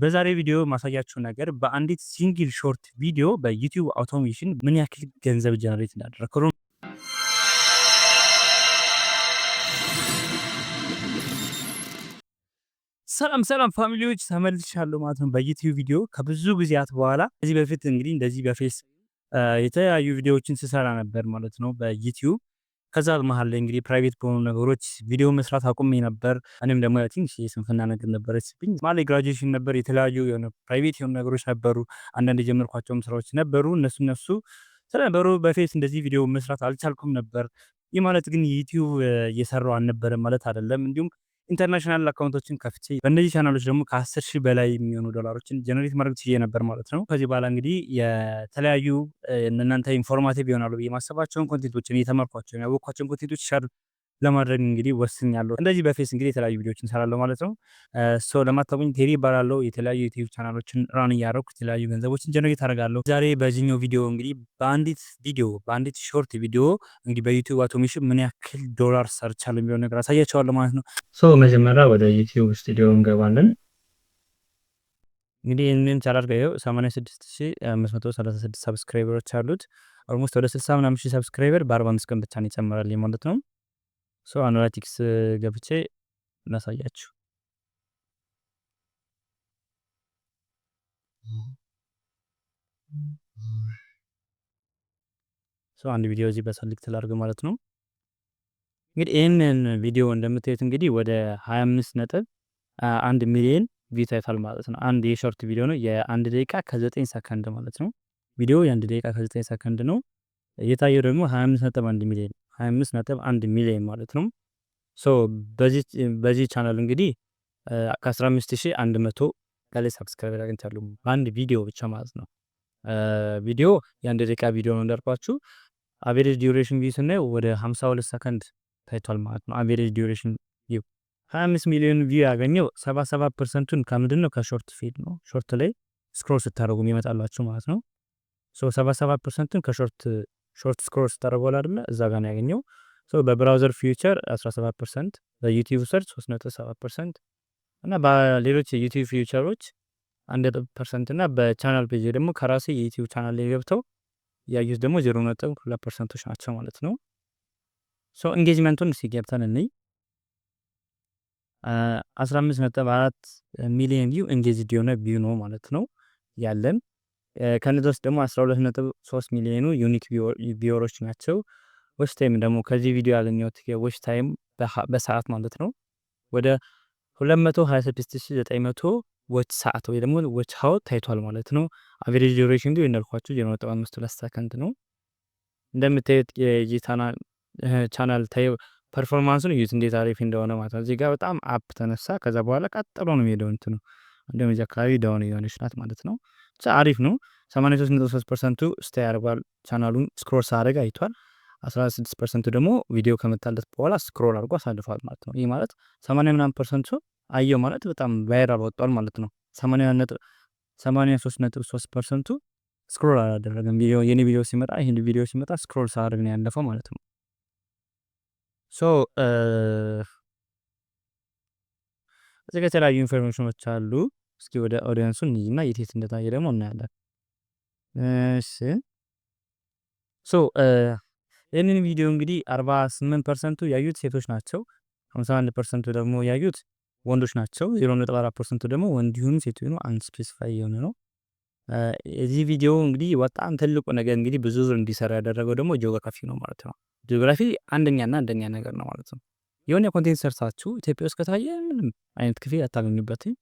በዛሬ ቪዲዮ ማሳያችሁ ነገር በአንዲት ሲንግል ሾርት ቪዲዮ በዩቲዩብ አውቶሜሽን ምን ያክል ገንዘብ ጀነሬት እንዳደረኩ ነው። ሰላም ሰላም ፋሚሊዎች ተመልሻለሁ ማለት ነው። በዩቲዩብ ቪዲዮ ከብዙ ጊዜያት በኋላ ከዚህ በፊት እንግዲህ እንደዚህ በፌስ የተለያዩ ቪዲዮዎችን ስሰራ ነበር ማለት ነው በዩቲዩብ ከዛ መሀል ላይ እንግዲህ ፕራይቬት በሆኑ ነገሮች ቪዲዮ መስራት አቁሜ ነበር። እኔም ደግሞ ቲንሽ የስንፍና ነገር ነበረችብኝ። ማለት ግራጁዌሽን ነበር፣ የተለያዩ የሆነ ፕራይቬት የሆኑ ነገሮች ነበሩ። አንዳንድ የጀመርኳቸውም ስራዎች ነበሩ። እነሱ እነሱ ስለነበሩ በፌስ እንደዚህ ቪዲዮ መስራት አልቻልኩም ነበር። ይህ ማለት ግን ዩቲዩብ እየሰራው አልነበረ ማለት አይደለም። እንዲሁም ኢንተርናሽናል አካውንቶችን ከፍቼ በእነዚህ ቻናሎች ደግሞ ከአስር ሺህ በላይ የሚሆኑ ዶላሮችን ጀነሬት ማድረግ ችዬ ነበር ማለት ነው። ከዚህ በኋላ እንግዲህ የተለያዩ እናንተ ኢንፎርማቲቭ ይሆናሉ ብዬ ማሰባቸውን ኮንቴንቶችን እየተመርኳቸውን ያወቅኳቸውን ኮንቴንቶች ሻር ለማድረግ እንግዲህ ያለ እንደዚህ በፌስ እንግዲህ የተለያዩ ቪዲዮዎችን እንሰራለሁ ማለት ነው። ሶ ለማታውቁኝ ቴሪ እባላለሁ። የተለያዩ ዩቲዩብ ቻናሎችን ራን እያደረኩ የተለያዩ ገንዘቦችን ጀነሬት አደርጋለሁ። ዛሬ በዚህኛው ቪዲዮ እንግዲህ በአንዲት ቪዲዮ በአንዲት ሾርት ቪዲዮ እንግዲህ በዩቲዩብ አውቶሜሽን ምን ያክል ዶላር ሰርቻለሁ የሚለው ነገር አሳያቸዋለሁ ማለት ነው። ሶ መጀመሪያ ወደ ዩቲዩብ ስቱዲዮ እንገባለን። እንግዲህ ይህንን ቻናል ገየው ሰብስክራይበሮች አሉት። ኦልሞስት ወደ 60 ምናምን ሺህ ሰብስክራይበር በ45 ቀን ብቻ ነው ይጨምራል ማለት ነው። ሶ አናላይቲክስ ገብቼ እናሳያችሁ ሶ አንድ ቪዲዮ እዚህ በሰልክት ላድርግ ማለት ነው። እንግዲህ ይህንን ቪዲዮ እንደምታዩት እንግዲህ ወደ 25 ነጥብ አንድ ሚሊዮን ቪው ታይቷል ማለት ነው። አንድ የሾርት ቪዲዮ ነው። የአንድ ደቂቃ 9 ሰከንድ ማለት ነው። ቪዲዮ የአንድ ደቂቃ ከዘጠኝ ሰከንድ ነው። የታየው ደግሞ 25 ነጥብ አንድ ሚሊዮን 25 ነጥብ 1 ሚሊዮን ማለት ነው። ሶ በዚህ ቻናል እንግዲህ ከ15100 ከላይ ሳብስክራይበር አግኝቻለሁ በአንድ ቪዲዮ ብቻ ማለት ነው። ቪዲዮ የአንድ ደቂቃ ቪዲዮ ነው እንዳልኳችሁ። አቬሬጅ ዲዩሬሽን ቪው ስናየው ወደ 52 ሰከንድ ታይቷል ማለት ነው። አቬሬጅ ዲዩሬሽን ቪው 25 ሚሊዮን ቪው ያገኘው 77 ፐርሰንቱን ከምንድን ነው? ከሾርት ፊድ ነው። ሾርት ላይ ስክሮል ስታደረጉ ይመጣላችሁ ማለት ነው። 77 ፐርሰንቱን ከሾርት ሾርት ስኮር ስታደርገዋል አይደለ እዛ ጋር ያገኘው። በብራውዘር ፊውቸር 17 ፐርሰንት፣ በዩቲዩብ ሰርች 37 ፐርሰንት እና በሌሎች የዩቲዩብ ፊውቸሮች አንድ ነጥብ ፐርሰንት እና በቻናል ፔጅ ደግሞ ከራሴ የዩቲዩብ ቻናል ላይ ገብተው ያዩት ደግሞ ዜሮ ነጥብ ሁለት ፐርሰንቶች ናቸው ማለት ነው። ሶ ኢንጌጅመንቱን ሲገብተን እንይ አምስት ነጥብ አራት ሚሊዮን ቪው ኢንጌጅድ የሆነ ቪው ነው ማለት ነው ያለን ከነዚህ ውስጥ ደግሞ 12.3 ሚሊዮኑ ዩኒክ ቪወሮች ናቸው። ዎች ታይም ደግሞ ከዚህ ቪዲዮ ያገኘሁት የዎች ታይም በሰዓት ማለት ነው ወደ 226900 ዎች ሰዓት ወይ ደግሞ ዎች ሀው ታይቷል ማለት ነው። አቬሬጅ ዲሬሽን ዲ ዜሮ ነጥብ አምስት ሁለት ሰከንድ ነው። እንደምታዩት የጂታና ቻናል ታይ ፐርፎርማንሱን እዩት እንዴት አሪፍ እንደሆነ ማለት ነው። እዚህ ጋር በጣም አፕ ተነሳ። ከዛ በኋላ ቀጥሎ ነው የሚሄደው እንትኑ እንደዚህ አካባቢ ዳውን የሆነች ናት ማለት ነው። አሪፍ ነው። 83.3 ፐርሰንቱ ስታ ያደርጓል። ቻናሉን ስክሮል ሳደረግ አይቷል። 16 ፐርሰንቱ ደግሞ ቪዲዮ ከመጣለት በኋላ ስክሮል አድርጎ አሳልፏል ማለት ነው። ይህ ማለት 80 ምናምን ፐርሰንቱ አየው ማለት በጣም ቫይራል ወጥቷል ማለት ነው። 83.3 ፐርሰንቱ ስክሮል አላደረገም። የኔ ቪዲዮ ሲመጣ ይህን ቪዲዮ ሲመጣ ስክሮል ሳደርግ ነው ያለፈው ማለት ነው። ሶ እዚህ የተለያዩ ኢንፎርሜሽኖች አሉ እስኪ ወደ ኦዲየንሱ እንይና የት የት እንደታየ ደግሞ እናያለን። እሺ ሶ ይህንን ቪዲዮ እንግዲህ 48 ፐርሰንቱ ያዩት ሴቶች ናቸው። 51 ፐርሰንቱ ደግሞ ያዩት ወንዶች ናቸው። 0.4 ፐርሰንቱ ደግሞ ወንድ ይሁን ሴት ይሁኑ አንስፔሲፋይ የሆነ ነው። የዚህ ቪዲዮ እንግዲህ በጣም ትልቁ ነገር እንግዲህ ብዙ ዙር እንዲሰራ ያደረገው ደግሞ ጂኦግራፊ ነው ማለት ነው። ጂኦግራፊ አንደኛና አንደኛ ነገር ነው ማለት ነው። የሆነ ኮንቴንት ሰርታችሁ ኢትዮጵያ ውስጥ ከታየ ምንም አይነት ክፍል አታገኙበትም።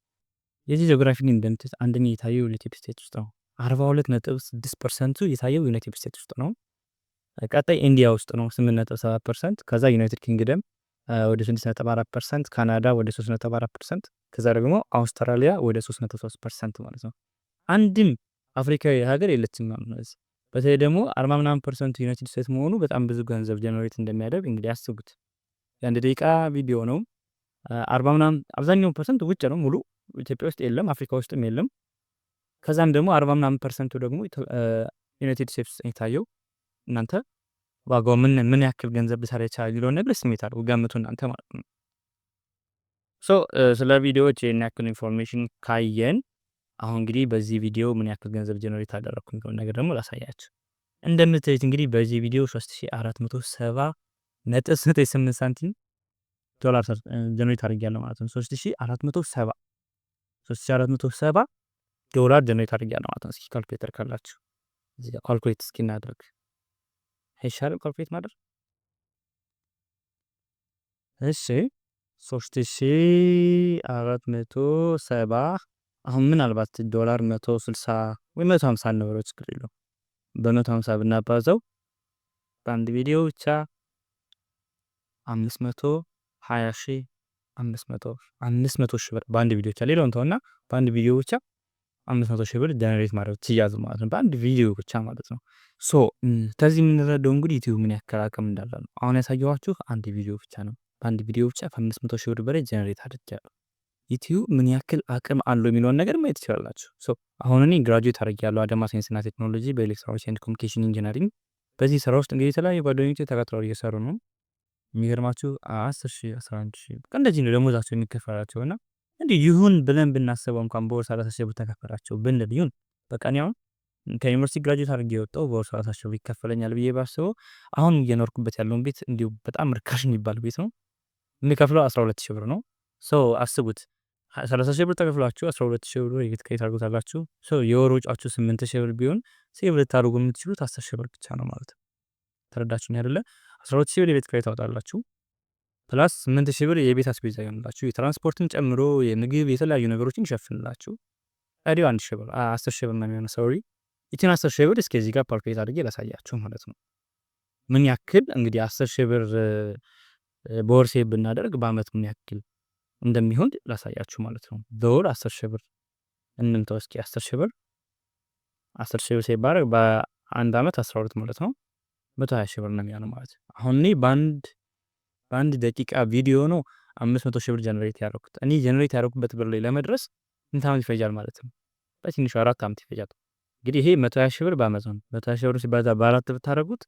የዚህ ጂኦግራፊ ግን እንደምትት አንደኛ የታየው ዩናይትድ ስቴትስ ውስጥ ነው። አርባ ሁለት ነጥብ ስድስት ፐርሰንቱ የታየው ዩናይትድ ስቴትስ ውስጥ ነው። ቀጣይ ኢንዲያ ውስጥ ነው ስምንት ነጥብ ሰባት ፐርሰንት፣ ከዛ ዩናይትድ ኪንግደም ወደ ስድስት ነጥብ አራት ፐርሰንት፣ ካናዳ ወደ ሶስት ነጥብ አራት ፐርሰንት፣ ከዛ ደግሞ አውስትራሊያ ወደ ሶስት ነጥብ ሶስት ፐርሰንት ማለት ነው። አንድም አፍሪካዊ ሀገር የለችም ማለት ነው። በተለይ ደግሞ አርባ ምናምን ፐርሰንቱ ዩናይትድ ስቴትስ መሆኑ በጣም ብዙ ገንዘብ ጀነሬት እንደሚያደርግ እንግዲህ አስቡት። የአንድ ደቂቃ ቪዲዮ ነው። አርባ ምናምን አብዛኛው ፐርሰንት ውጭ ነው ሙሉ ኢትዮጵያ ውስጥ የለም፣ አፍሪካ ውስጥም የለም። ከዛም ደግሞ አርባ ምናምን ፐርሰንቱ ደግሞ ዩናይትድ ስቴትስ የታየው እናንተ ዋጋው ምን ምን ያክል ገንዘብ ብሰራ ይቻላል የሚለውን ነገር ስሜት አድርጉ፣ ገምቱ እናንተ ማለት ነው። ሶ ስለ ቪዲዮዎች ይህን ያክል ኢንፎርሜሽን ካየን አሁን እንግዲህ በዚህ ቪዲዮ ምን ያክል ገንዘብ ጀነሬት አደረግኩ የሚለውን ነገር ደግሞ ላሳያችሁ። እንደምታዩት እንግዲህ በዚህ ቪዲዮ ሶስት ሺ አራት መቶ 3470 ነጥብ 98 ሳንቲም ዶላር ጀነሬት አድርጊያለሁ ማለት ነው። ሶስት ሺ አራት መቶ ሰባ ሶስት ሺ አራት መቶ ሰባ ዶላር ጀነሬት አድርጊያለሁ ማለት ነው። እስኪ ካልኩሌተር ካላችሁ ካልኩሌት እስኪ እናድርግ አይሻልም? ካልኩሌት ማድረግ እሺ ሶስት ሺ አራት መቶ ሰባ አሁን ምናልባት ዶላር መቶ ስልሳ ወይ መቶ ሀምሳ ነበረው ችግር የለውም። በመቶ ሀምሳ ብናባዘው በአንድ ቪዲዮ ብቻ አምስት መቶ ሀያ ሺ አምስት መቶ አምስት መቶ ሺ ብር በአንድ ቪዲዮ ብቻ ሌላውን ተውና በአንድ ቪዲዮ ብቻ አምስት መቶ ሺ ብር ጀነሬት ማድረግ ትያዙ ማለት ነው። በአንድ ቪዲዮ ብቻ ማለት ነው። ሶ ከዚህ የምንረዳው እንግዲህ ዩቲዩብ ምን ያክል አቅም እንዳለ ነው። አሁን ያሳየኋችሁ አንድ ቪዲዮ ብቻ ነው። በአንድ ቪዲዮ ብቻ ከአምስት መቶ ሺ ብር በላይ ጀነሬት አድርጊያለሁ። ዩቲዩብ ምን ያክል አቅም አለው የሚለውን ነገር ማየት ትችላላችሁ። አሁን እኔ ግራጁዌት አድርጊያለሁ አዳማ ሳይንስና ቴክኖሎጂ በኤሌክትሮኒክስ ኤንድ ኮሚኒኬሽን ኢንጂነሪንግ። በዚህ ስራ ውስጥ እንግዲህ የተለያዩ ጓደኞች ተቀጥረው እየሰሩ ነው። የሚገርማችሁ አስር ሺ አስራ አንድ ሺ በቃ እንደዚህ ነው ደሞዛቸው የሚከፈላቸው እና እንዲህ ይሁን ብለን ብናስበው እንኳን በወር ሰላሳ ሺህ ብር ተከፈላቸው ብንል ይሁን በቃ እኔ አሁን ከዩኒቨርሲቲ ግራጁዌት አድርጌ የወጣው በወር ሰላሳ ሺህ ይከፈለኛል ብዬ ባስበው አሁን እየኖርኩበት ያለውን ቤት እንዲሁ በጣም ርካሽ የሚባል ቤት ነው የሚከፍለው አስራ ሁለት ሺ ብር ነው። ሰው አስቡት ሰላሳ ሺህ ብር ተከፍሏችሁ አስራ ሁለት ሺህ ብር የቤት ኪራይ ታርጉታላችሁ። የወር ወጪያችሁ ስምንት ሺህ ብር ቢሆን ሴቭ ልታደርጉ የምትችሉት አስር ሺህ ብር ብቻ ነው ማለት ነው። ተረዳችሁ አይደለ? አስራ ሺህ ብር የቤት ክራይ ታወጣላችሁ። ፕላስ ስምንት ሺህ ብር የቤት አስቤዛ ይሆንላችሁ የትራንስፖርትን ጨምሮ የምግብ የተለያዩ ነገሮችን ይሸፍንላችሁ። ታዲያ አንድ ሺህ ብር አስር ሺህ ብር ነው የሚሆነ ሰው ይችን አስር ሺህ ብር እስከዚህ ጋር ፓልኩሌት አድርጌ ላሳያችሁ ማለት ነው። ምን ያክል እንግዲህ አስር ሺህ ብር በወር ሴቭ ብናደርግ በአመት ምን ያክል እንደሚሆን ላሳያችሁ ማለት ነው። በወር አስር ሺህ ብር እንምተው እስኪ አስር ሺህ ብር አስር ሺህ ብር ሴቭ ባደርግ በአንድ አመት አስራ ሁለት ማለት ነው መቶ ሀያ ሺህ ብር ነው የሚሆነው ማለት ነው። አሁን እኔ በአንድ በአንድ ደቂቃ ቪዲዮ ነው አምስት መቶ ሺህ ብር ጀነሬት ያደረኩት። እኔ ጀነሬት ያደረኩበት ብር ላይ ለመድረስ ስንት ዓመት ይፈጃል ማለት ነው? በትንሹ አራት ዓመት ይፈጃል። እንግዲህ ይሄ መቶ ሀያ ሺህ ብር በአመዛን መቶ ሀያ ሺህ ብር ሲባዛ በአራት ብታደረጉት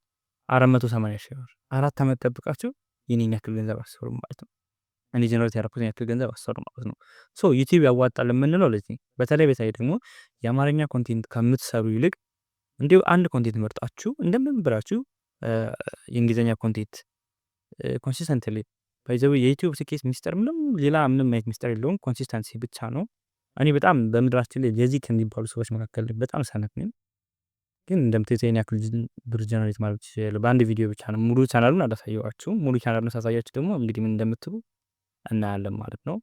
አራት መቶ ሰማንያ ሺህ ብር አራት ዓመት ጠብቃችሁ የኔን ያክል ገንዘብ አስሩ ማለት ነው። እኔ ጀነሬት ያደረኩትን ያክል ገንዘብ አሰሩ ማለት ነው። ሶ ዩቲዩብ ያዋጣል የምንለው ለዚህ በተለይ በተለይ ደግሞ የአማርኛ ኮንቴንት ከምትሰሩ ይልቅ እንዲሁ አንድ ኮንቴንት መርጣችሁ እንደምንብራችሁ የእንግሊዝኛ ኮንቴንት ኮንሲስተንትሊ ባይዘው የዩቲዩብ ስኬት ሚስጠር ምንም ሌላ ምንም አይነት ሚስጠር የለውም፣ ኮንሲስተንሲ ብቻ ነው። እኔ በጣም በምድራችን ላይ የዚህ ከሚባሉ ሰዎች መካከል በጣም ሰነፍ ነኝ፣ ግን እንደምታዩት ያክል ብር ጀነሬት ማለት ይችላል በአንድ ቪዲዮ ብቻ ነው። ሙሉ ቻናሉን አላሳየዋችሁ። ሙሉ ቻናሉን ሳሳያችሁ ደግሞ እንግዲህ ምን እንደምትሉ እናያለን ማለት ነው።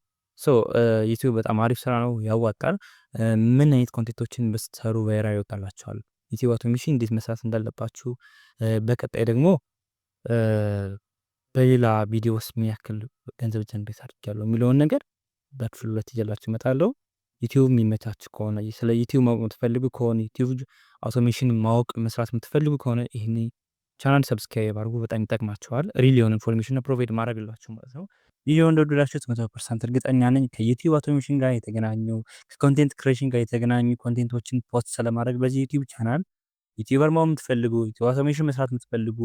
ሶ ዩቲዩብ በጣም አሪፍ ስራ ነው፣ ያዋጣል። ምን አይነት ኮንቴንቶችን ብትሰሩ ቫይራል ይወጣላቸዋል። ዩቲዩብ አውቶሜሽን እንዴት መስራት እንዳለባችሁ፣ በቀጣይ ደግሞ በሌላ ቪዲዮ ውስጥ ምን ያክል ገንዘብ ጀንሬት አድርጊያለሁ የሚለውን ነገር በክፍል ሁለት ይዤላችሁ እመጣለሁ። ዩቲዩብ የሚመቻችሁ ከሆነ ስለ ዩቲዩብ ማወቅ የምትፈልጉ ከሆነ ዩቲዩብ አውቶሜሽን ማወቅ መስራት የምትፈልጉ ከሆነ ይህ ቻናል ሰብስክራይብ አድርጉ። በጣም ይጠቅማችኋል። ሪል የሆነ ኢንፎርሜሽን ፕሮቫይድ ማድረግ ማለት ነው። ይህ እንደወደዳችሁት መቶ ፐርሰንት እርግጠኛ ነኝ። ከዩቲዩብ አውቶሜሽን ጋር የተገናኙ ከኮንቴንት ክሬሽን ጋር የተገናኙ ኮንቴንቶችን ፖስት ስለማድረግ በዚህ ዩቲዩብ ቻናል ዩቲዩበር መሆን የምትፈልጉ ዩቲዩብ አውቶሜሽን መስራት የምትፈልጉ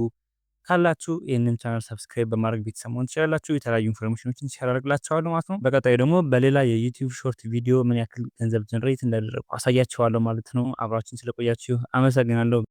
ካላችሁ ይህንን ቻናል ሰብስክራይብ በማድረግ ቤተሰብ መሆን ትችላላችሁ። የተለያዩ ኢንፎርሜሽኖችን ሲያደርግላችኋለሁ ማለት ነው። በቀጣይ ደግሞ በሌላ የዩቲዩብ ሾርት ቪዲዮ ምን ያክል ገንዘብ ጀንሬት እንዳደረጉ አሳያችኋለሁ ማለት ነው። አብራችን ስለቆያችሁ አመሰግናለሁ።